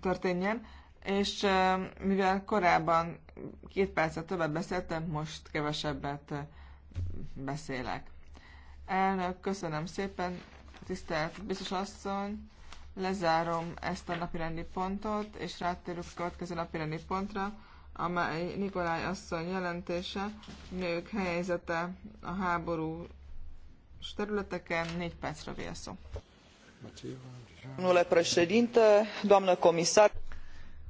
történjen, és mivel korábban két percet többet beszéltem, most kevesebbet beszélek. Elnök, köszönöm szépen, tisztelt biztos asszony, lezárom ezt a napirendi pontot, és rátérünk a következő napirendi pontra, amely Nikolaj asszony jelentése, nők helyzete a háború területeken, négy percre vél szó.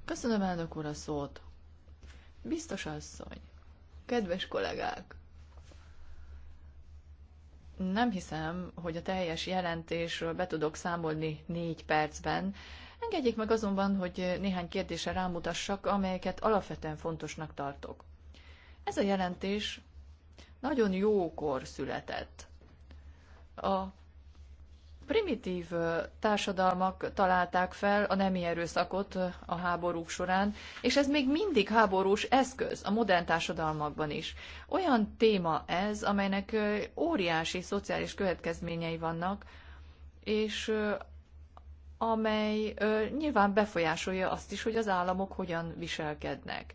Köszönöm elnök úr a szót. Biztos asszony, kedves kollégák, nem hiszem, hogy a teljes jelentésről be tudok számolni négy percben. Engedjék meg azonban, hogy néhány kérdésre rámutassak, amelyeket alapvetően fontosnak tartok. Ez a jelentés nagyon jókor született. A primitív társadalmak találták fel a nemi erőszakot a háborúk során, és ez még mindig háborús eszköz a modern társadalmakban is. Olyan téma ez, amelynek óriási szociális következményei vannak, és amely nyilván befolyásolja azt is, hogy az államok hogyan viselkednek.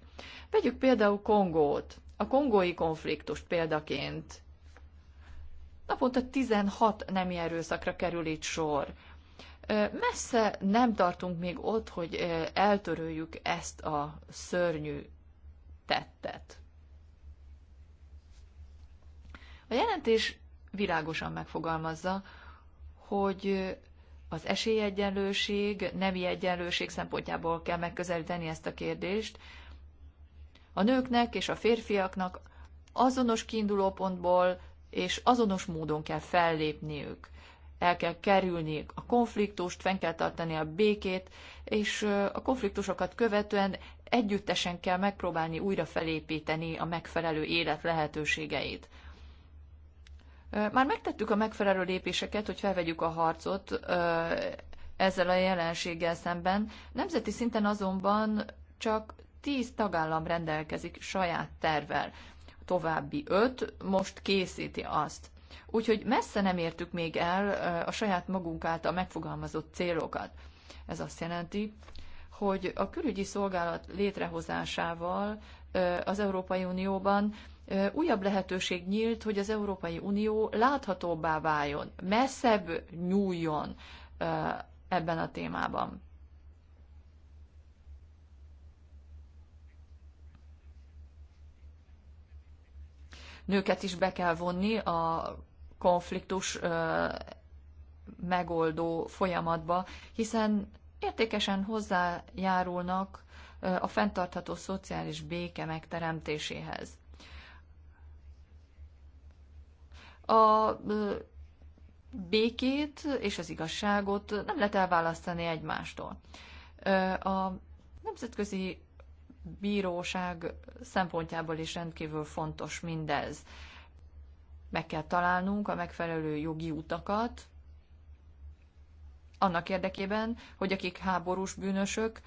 Vegyük például Kongót, a kongói konfliktust példaként Naponta 16 nemi erőszakra kerül itt sor. Messze nem tartunk még ott, hogy eltöröljük ezt a szörnyű tettet. A jelentés világosan megfogalmazza, hogy az esélyegyenlőség, nemi egyenlőség szempontjából kell megközelíteni ezt a kérdést. A nőknek és a férfiaknak azonos kiindulópontból és azonos módon kell fellépniük. El kell kerülni a konfliktust, fenn kell tartani a békét, és a konfliktusokat követően együttesen kell megpróbálni újra felépíteni a megfelelő élet lehetőségeit. Már megtettük a megfelelő lépéseket, hogy felvegyük a harcot ezzel a jelenséggel szemben. Nemzeti szinten azonban csak tíz tagállam rendelkezik saját tervel további öt most készíti azt. Úgyhogy messze nem értük még el a saját magunk által megfogalmazott célokat. Ez azt jelenti, hogy a külügyi szolgálat létrehozásával az Európai Unióban újabb lehetőség nyílt, hogy az Európai Unió láthatóbbá váljon, messzebb nyúljon ebben a témában. nőket is be kell vonni a konfliktus megoldó folyamatba, hiszen értékesen hozzájárulnak a fenntartható szociális béke megteremtéséhez. A békét és az igazságot nem lehet elválasztani egymástól. A nemzetközi bíróság szempontjából is rendkívül fontos mindez. Meg kell találnunk a megfelelő jogi utakat, annak érdekében, hogy akik háborús bűnösök,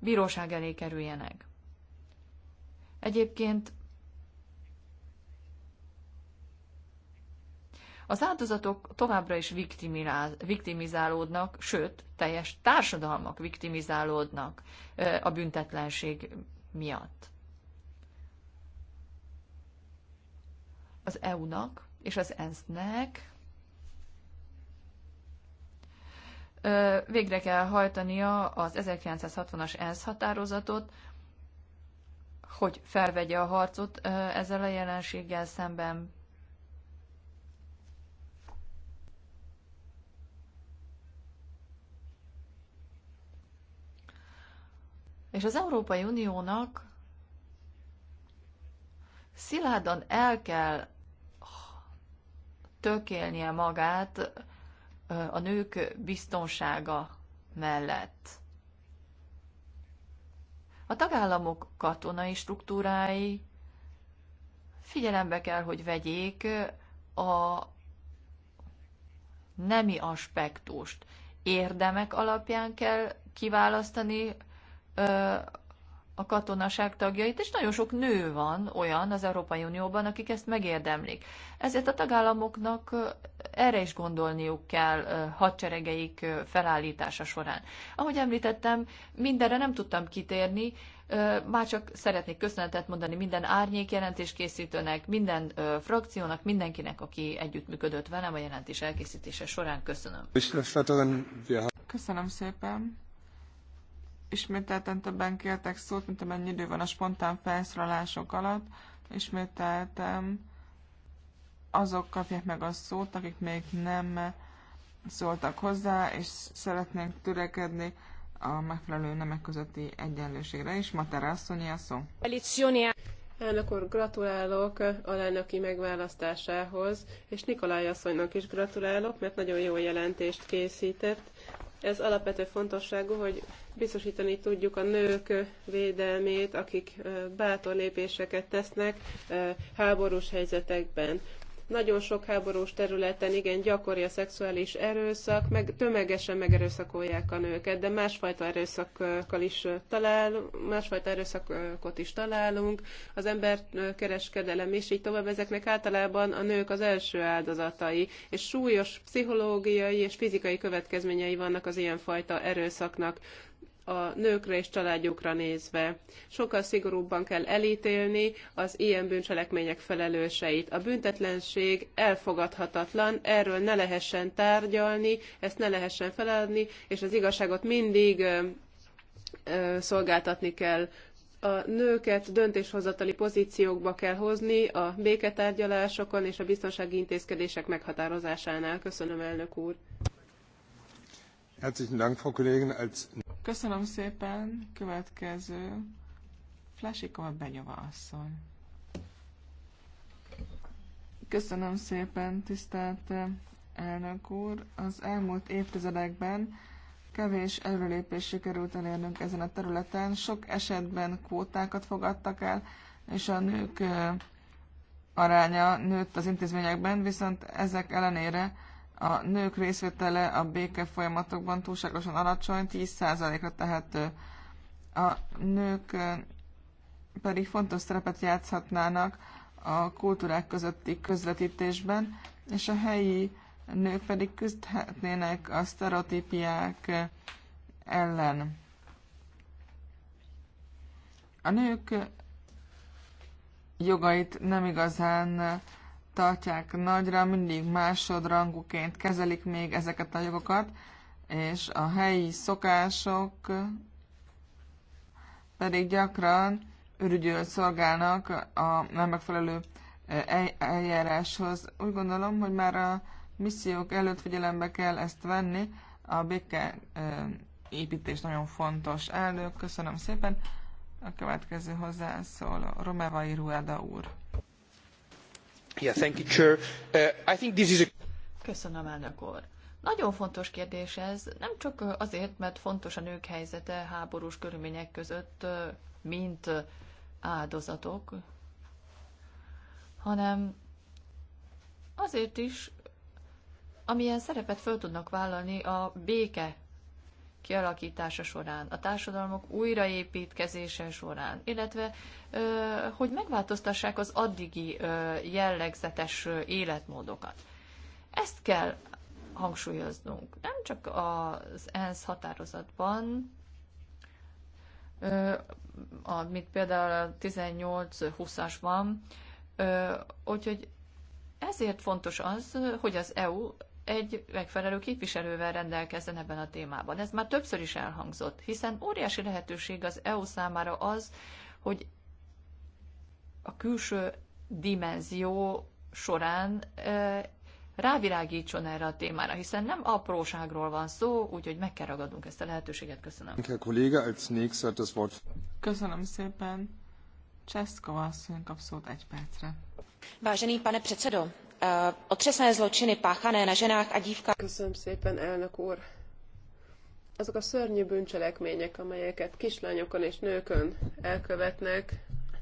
bíróság elé kerüljenek. Egyébként Az áldozatok továbbra is viktimizálódnak, sőt, teljes társadalmak viktimizálódnak a büntetlenség miatt. Az EU-nak és az ENSZ-nek végre kell hajtania az 1960-as ENSZ határozatot, hogy felvegye a harcot ezzel a jelenséggel szemben. És az Európai Uniónak szilárdan el kell tökélnie magát a nők biztonsága mellett. A tagállamok katonai struktúrái figyelembe kell, hogy vegyék a nemi aspektust. Érdemek alapján kell kiválasztani a katonaság tagjait, és nagyon sok nő van olyan az Európai Unióban, akik ezt megérdemlik. Ezért a tagállamoknak erre is gondolniuk kell hadseregeik felállítása során. Ahogy említettem, mindenre nem tudtam kitérni, már csak szeretnék köszönetet mondani minden árnyék jelentéskészítőnek, minden frakciónak, mindenkinek, aki együttműködött velem a jelentés elkészítése során. Köszönöm. Köszönöm szépen. Ismételten többen kértek szót, mint amennyi idő van a spontán felszólalások alatt. Ismételtem azok kapják meg a szót, akik még nem szóltak hozzá, és szeretnénk törekedni a megfelelő nemek közötti egyenlőségre is. Matera asszonyi a szó. Elnök úr, gratulálok a lelnöki megválasztásához, és Nikolaj asszonynak is gratulálok, mert nagyon jó jelentést készített. Ez alapvető fontosságú, hogy biztosítani tudjuk a nők védelmét, akik bátor lépéseket tesznek háborús helyzetekben. Nagyon sok háborús területen igen gyakori a szexuális erőszak, meg tömegesen megerőszakolják a nőket, de másfajta erőszakkal is találunk, másfajta erőszakot is találunk, az ember kereskedelem és így tovább, ezeknek általában a nők az első áldozatai, és súlyos pszichológiai és fizikai következményei vannak az ilyenfajta erőszaknak a nőkre és családjukra nézve. Sokkal szigorúbban kell elítélni az ilyen bűncselekmények felelőseit. A büntetlenség elfogadhatatlan, erről ne lehessen tárgyalni, ezt ne lehessen feladni, és az igazságot mindig ö, ö, szolgáltatni kell a nőket döntéshozatali pozíciókba kell hozni a béketárgyalásokon és a biztonsági intézkedések meghatározásánál. Köszönöm, elnök úr! Köszönöm szépen. Következő. Flasikova Benyova asszony. Köszönöm szépen, tisztelt eh, elnök úr. Az elmúlt évtizedekben kevés előrelépés sikerült elérnünk ezen a területen. Sok esetben kvótákat fogadtak el, és a nők eh, aránya nőtt az intézményekben, viszont ezek ellenére a nők részvétele a béke folyamatokban túlságosan alacsony, 10%-ra tehető. A nők pedig fontos szerepet játszhatnának a kultúrák közötti közvetítésben, és a helyi nők pedig küzdhetnének a sztereotípiák ellen. A nők jogait nem igazán tartják nagyra, mindig másodrangúként kezelik még ezeket a jogokat, és a helyi szokások pedig gyakran ürügyölt szolgálnak a nem megfelelő eh, eljáráshoz. Úgy gondolom, hogy már a missziók előtt figyelembe kell ezt venni. A béke eh, építés nagyon fontos. Elnök, köszönöm szépen. A következő hozzászól Romevai Rueda úr. Köszönöm, elnök úr. Nagyon fontos kérdés ez, nem csak azért, mert fontos a nők helyzete háborús körülmények között, mint áldozatok, hanem azért is, amilyen szerepet föl tudnak vállalni a béke kialakítása során, a társadalmak újraépítkezése során, illetve hogy megváltoztassák az addigi jellegzetes életmódokat. Ezt kell hangsúlyoznunk. Nem csak az ENSZ határozatban, amit például a 18-20-asban, úgyhogy ezért fontos az, hogy az EU egy megfelelő képviselővel rendelkezzen ebben a témában. Ez már többször is elhangzott, hiszen óriási lehetőség az EU számára az, hogy a külső dimenzió során rávilágítson erre a témára, hiszen nem apróságról van szó, úgyhogy meg kell ragadnunk ezt a lehetőséget. Köszönöm. Köszönöm szépen. Cseszkova asszony kap szót egy percre. Vážený pane předsedo, Eh, otřesné zločiny páchané na ženách a dívkách. Köszönöm szépen, elnök úr. Azok a szörnyű bűncselekmények, amelyeket kislányokon és nőkön elkövetnek,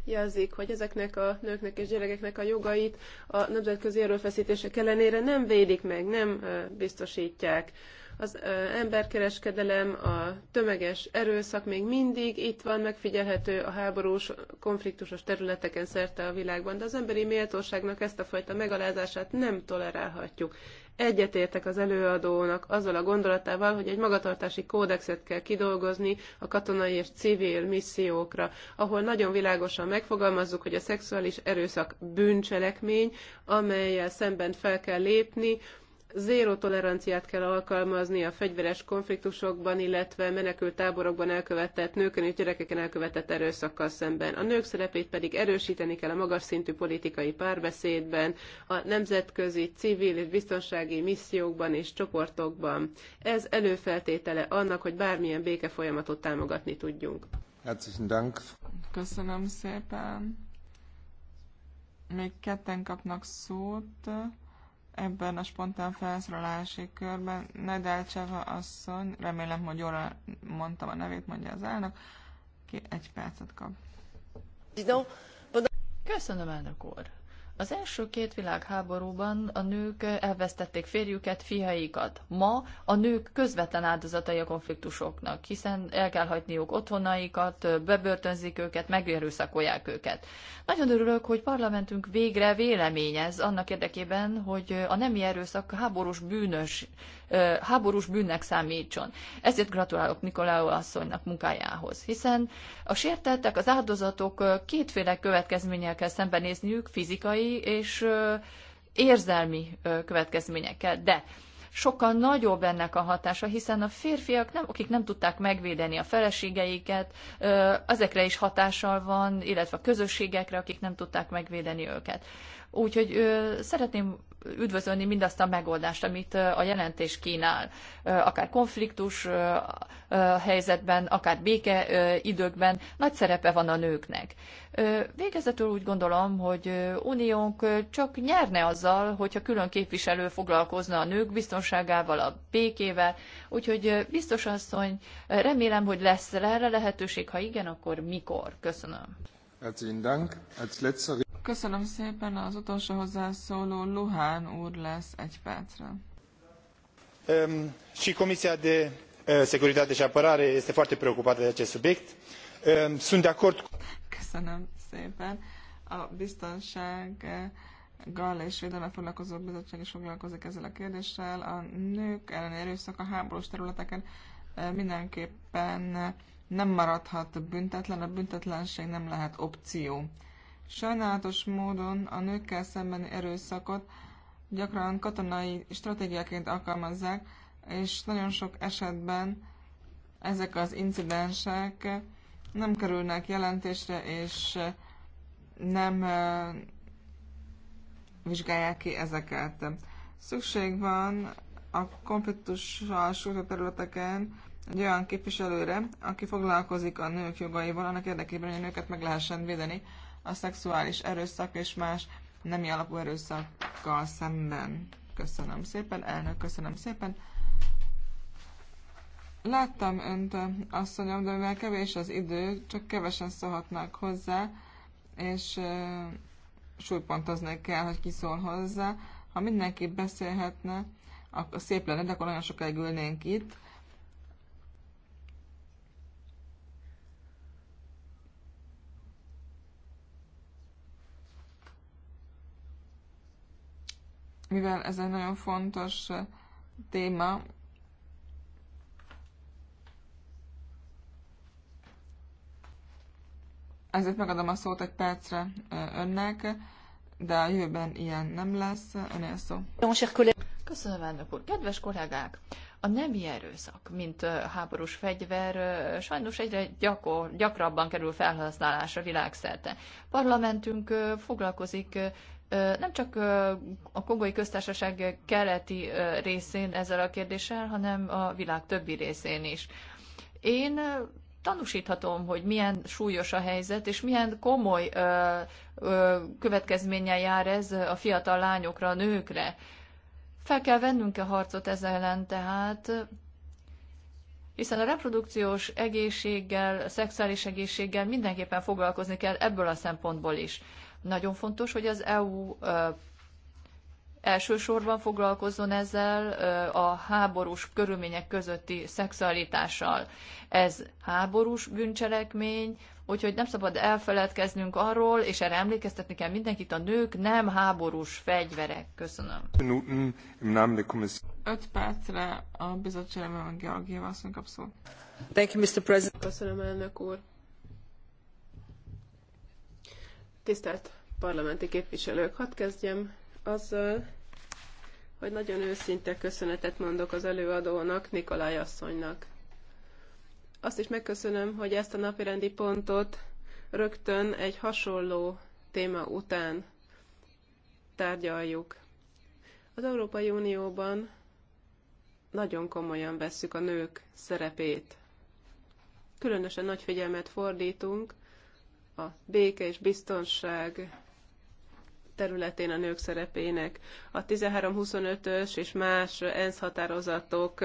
jelzik, hogy ezeknek a nőknek és gyerekeknek a jogait a nemzetközi erőfeszítések ellenére nem védik meg, nem eh, biztosítják az emberkereskedelem, a tömeges erőszak még mindig itt van, megfigyelhető a háborús, konfliktusos területeken szerte a világban, de az emberi méltóságnak ezt a fajta megalázását nem tolerálhatjuk. Egyetértek az előadónak azzal a gondolatával, hogy egy magatartási kódexet kell kidolgozni a katonai és civil missziókra, ahol nagyon világosan megfogalmazzuk, hogy a szexuális erőszak bűncselekmény, amelyel szemben fel kell lépni, zéró toleranciát kell alkalmazni a fegyveres konfliktusokban, illetve menekült táborokban elkövetett nőkön és gyerekeken elkövetett erőszakkal szemben. A nők szerepét pedig erősíteni kell a magas szintű politikai párbeszédben, a nemzetközi, civil és biztonsági missziókban és csoportokban. Ez előfeltétele annak, hogy bármilyen békefolyamatot támogatni tudjunk. Köszönöm szépen. Még ketten kapnak szót ebben a spontán felszólalási körben. Nedelcseva asszony, remélem, hogy jól mondtam a nevét, mondja az elnök, ki egy percet kap. Köszönöm, elnök úr! Az első két világháborúban a nők elvesztették férjüket, fiaikat. Ma a nők közvetlen áldozatai a konfliktusoknak, hiszen el kell hagyniuk otthonaikat, bebörtönzik őket, megérőszakolják őket. Nagyon örülök, hogy parlamentünk végre véleményez annak érdekében, hogy a nemi erőszak háborús bűnös háborús bűnnek számítson. Ezért gratulálok Nikolau asszonynak munkájához, hiszen a sértettek, az áldozatok kétféle következménnyel kell szembenézniük, fizikai és érzelmi következményekkel, de sokkal nagyobb ennek a hatása, hiszen a férfiak, nem, akik nem tudták megvédeni a feleségeiket, ezekre is hatással van, illetve a közösségekre, akik nem tudták megvédeni őket. Úgyhogy ö, szeretném üdvözölni mindazt a megoldást, amit a jelentés kínál, akár konfliktus helyzetben, akár béke időkben, nagy szerepe van a nőknek. Végezetül úgy gondolom, hogy uniónk csak nyerne azzal, hogyha külön képviselő foglalkozna a nők biztonságban, biztonságával, a békével. Úgyhogy biztos asszony, remélem, hogy lesz erre lehetőség, ha igen, akkor mikor. Köszönöm. Köszönöm szépen, az utolsó hozzászóló Luhán úr lesz egy percre. Ehm, și Comisia de eh, Securitate și Apărare este foarte preocupată de acest subiect. Ehm, sunt de acord cu... Köszönöm szépen. A biztonság uh, Gall és Védelme foglalkozó bizottság is foglalkozik ezzel a kérdéssel. A nők elleni erőszak a háborús területeken mindenképpen nem maradhat büntetlen, a büntetlenség nem lehet opció. Sajnálatos módon a nőkkel szembeni erőszakot gyakran katonai stratégiaként alkalmazzák, és nagyon sok esetben ezek az incidensek nem kerülnek jelentésre, és nem vizsgálják ki ezeket. Szükség van a konfliktussal sújtott területeken egy olyan képviselőre, aki foglalkozik a nők jogaival, annak érdekében, hogy a nőket meg lehessen védeni a szexuális erőszak és más nemi alapú erőszakkal szemben. Köszönöm szépen, elnök, köszönöm szépen. Láttam önt, asszonyom, de mivel kevés az idő, csak kevesen szólhatnak hozzá, és súlypontozni kell, hogy ki szól hozzá. Ha mindenki beszélhetne, akkor szép lenne, de akkor nagyon sokáig ülnénk itt. Mivel ez egy nagyon fontos eh, téma, Ezért megadom a szót egy percre önnek, de a jövőben ilyen nem lesz. Önél szó. Köszönöm, elnök úr. Kedves kollégák! A nemi erőszak, mint háborús fegyver, sajnos egyre gyakor, gyakrabban kerül felhasználásra világszerte. Parlamentünk foglalkozik nem csak a Kongói Köztársaság keleti részén ezzel a kérdéssel, hanem a világ többi részén is. Én tanúsíthatom, hogy milyen súlyos a helyzet, és milyen komoly ö, ö, következménye jár ez a fiatal lányokra, a nőkre. Fel kell vennünk a harcot ez ellen tehát, hiszen a reprodukciós egészséggel, a szexuális egészséggel mindenképpen foglalkozni kell ebből a szempontból is. Nagyon fontos, hogy az EU elsősorban foglalkozzon ezzel a háborús körülmények közötti szexualitással. Ez háborús bűncselekmény, úgyhogy nem szabad elfeledkeznünk arról, és erre emlékeztetni kell mindenkit, a nők nem háborús fegyverek. Köszönöm. Öt percre a bizottságban Georgieva asszony kap szót. Thank you, Mr. President. Köszönöm, elnök úr. Tisztelt parlamenti képviselők, hadd kezdjem azzal, hogy nagyon őszinte köszönetet mondok az előadónak, Nikolaj asszonynak. Azt is megköszönöm, hogy ezt a napirendi pontot rögtön egy hasonló téma után tárgyaljuk. Az Európai Unióban nagyon komolyan vesszük a nők szerepét. Különösen nagy figyelmet fordítunk a béke és biztonság területén a nők szerepének. A 13-25-ös és más ENSZ határozatok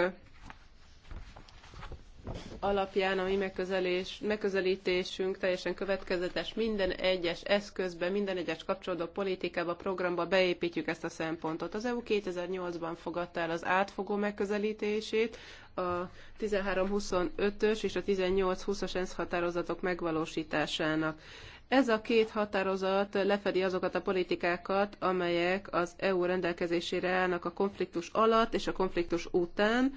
alapján a mi megközelés, megközelítésünk teljesen következetes. Minden egyes eszközbe, minden egyes kapcsolódó politikába, programba beépítjük ezt a szempontot. Az EU 2008-ban fogadta el az átfogó megközelítését, a 13-25-ös és a 18-20-as ENSZ határozatok megvalósításának. Ez a két határozat lefedi azokat a politikákat, amelyek az EU rendelkezésére állnak a konfliktus alatt és a konfliktus után.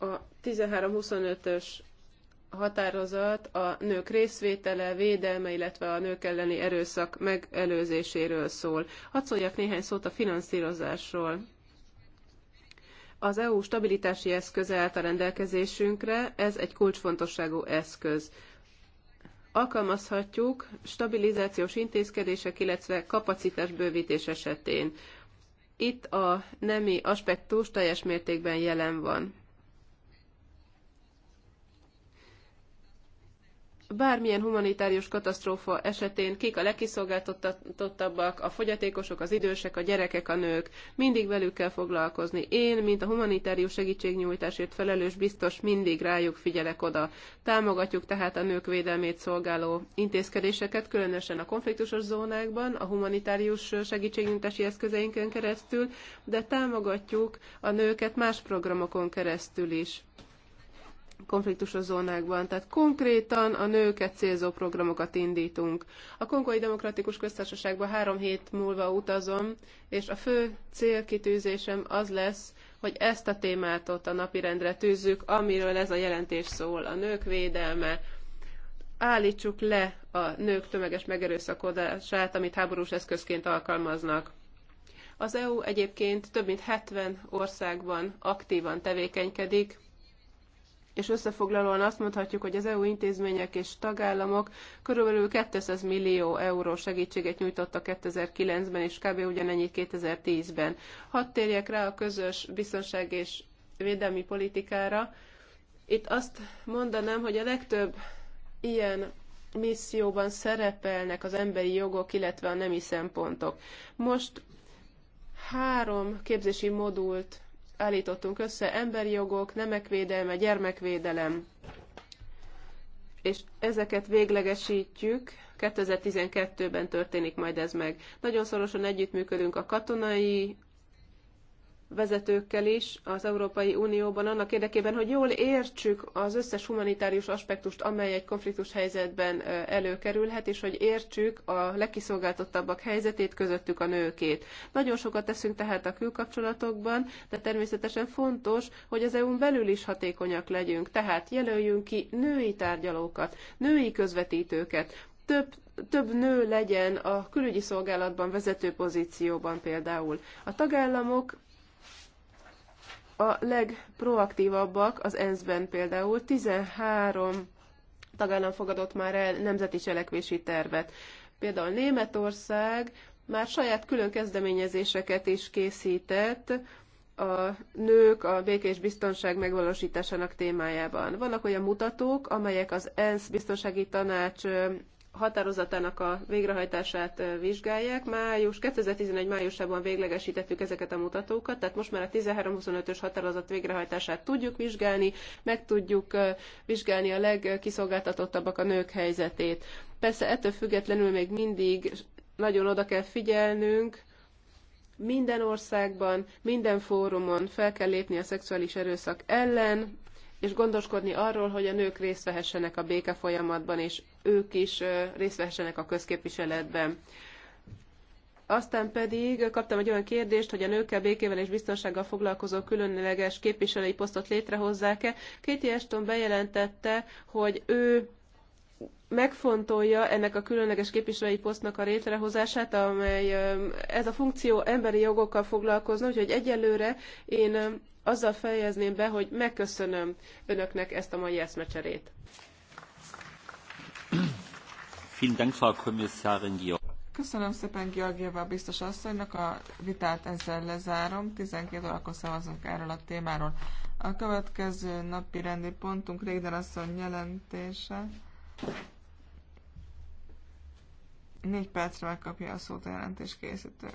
A 1325-ös határozat a nők részvétele, védelme, illetve a nők elleni erőszak megelőzéséről szól. Hadd szóljak néhány szót a finanszírozásról. Az EU stabilitási eszköze állt a rendelkezésünkre, ez egy kulcsfontosságú eszköz alkalmazhatjuk stabilizációs intézkedések, illetve kapacitásbővítés esetén. Itt a nemi aspektus teljes mértékben jelen van. bármilyen humanitárius katasztrófa esetén kik a legkiszolgáltatottabbak, a fogyatékosok, az idősek, a gyerekek, a nők. Mindig velük kell foglalkozni. Én, mint a humanitárius segítségnyújtásért felelős biztos, mindig rájuk figyelek oda. Támogatjuk tehát a nők védelmét szolgáló intézkedéseket, különösen a konfliktusos zónákban, a humanitárius segítségnyújtási eszközeinken keresztül, de támogatjuk a nőket más programokon keresztül is konfliktusos zónákban. Tehát konkrétan a nőket célzó programokat indítunk. A Kongói Demokratikus köztársaságban három hét múlva utazom, és a fő célkitűzésem az lesz, hogy ezt a témát ott a napirendre tűzzük, amiről ez a jelentés szól, a nők védelme, állítsuk le a nők tömeges megerőszakodását, amit háborús eszközként alkalmaznak. Az EU egyébként több mint 70 országban aktívan tevékenykedik, és összefoglalóan azt mondhatjuk, hogy az EU intézmények és tagállamok körülbelül 200 millió euró segítséget nyújtottak 2009-ben, és kb. ugyanennyit 2010-ben. Hadd térjek rá a közös biztonság és védelmi politikára. Itt azt mondanám, hogy a legtöbb ilyen misszióban szerepelnek az emberi jogok, illetve a nemi szempontok. Most három képzési modult állítottunk össze, emberi jogok, nemek védelme, gyermekvédelem, és ezeket véglegesítjük, 2012-ben történik majd ez meg. Nagyon szorosan együttműködünk a katonai vezetőkkel is az Európai Unióban annak érdekében, hogy jól értsük az összes humanitárius aspektust, amely egy konfliktus helyzetben előkerülhet, és hogy értsük a legkiszolgáltottabbak helyzetét, közöttük a nőkét. Nagyon sokat teszünk tehát a külkapcsolatokban, de természetesen fontos, hogy az EU-n belül is hatékonyak legyünk. Tehát jelöljünk ki női tárgyalókat, női közvetítőket, több több nő legyen a külügyi szolgálatban vezető pozícióban például. A tagállamok a legproaktívabbak az ENSZ-ben például. 13 tagállam fogadott már el nemzeti cselekvési tervet. Például Németország már saját külön kezdeményezéseket is készített a nők a békés biztonság megvalósításának témájában. Vannak olyan mutatók, amelyek az ENSZ biztonsági tanács határozatának a végrehajtását vizsgálják. Május 2011 májusában véglegesítettük ezeket a mutatókat, tehát most már a 1325-ös határozat végrehajtását tudjuk vizsgálni, meg tudjuk vizsgálni a legkiszolgáltatottabbak a nők helyzetét. Persze ettől függetlenül még mindig nagyon oda kell figyelnünk, minden országban, minden fórumon fel kell lépni a szexuális erőszak ellen, és gondoskodni arról, hogy a nők részt vehessenek a béke folyamatban, és ők is részt vessenek a közképviseletben. Aztán pedig kaptam egy olyan kérdést, hogy a nőkkel békével és biztonsággal foglalkozó különleges képviselői posztot létrehozzák-e. Kéti Eston bejelentette, hogy ő megfontolja ennek a különleges képviselői posztnak a létrehozását, amely ez a funkció emberi jogokkal foglalkozna, úgyhogy egyelőre én azzal fejezném be, hogy megköszönöm önöknek ezt a mai eszmecserét. Köszönöm szépen Georgieva biztos asszonynak, a vitát ezzel lezárom, 12 órakor szavazunk erről a témáról. A következő napi rendi pontunk Régden asszony jelentése. Négy percre megkapja a szót a jelentés készítő.